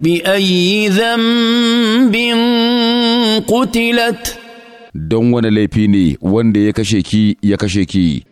بأي ذنب قتلت don wani laifi ne wanda ya kashe ki ya kasheki. ki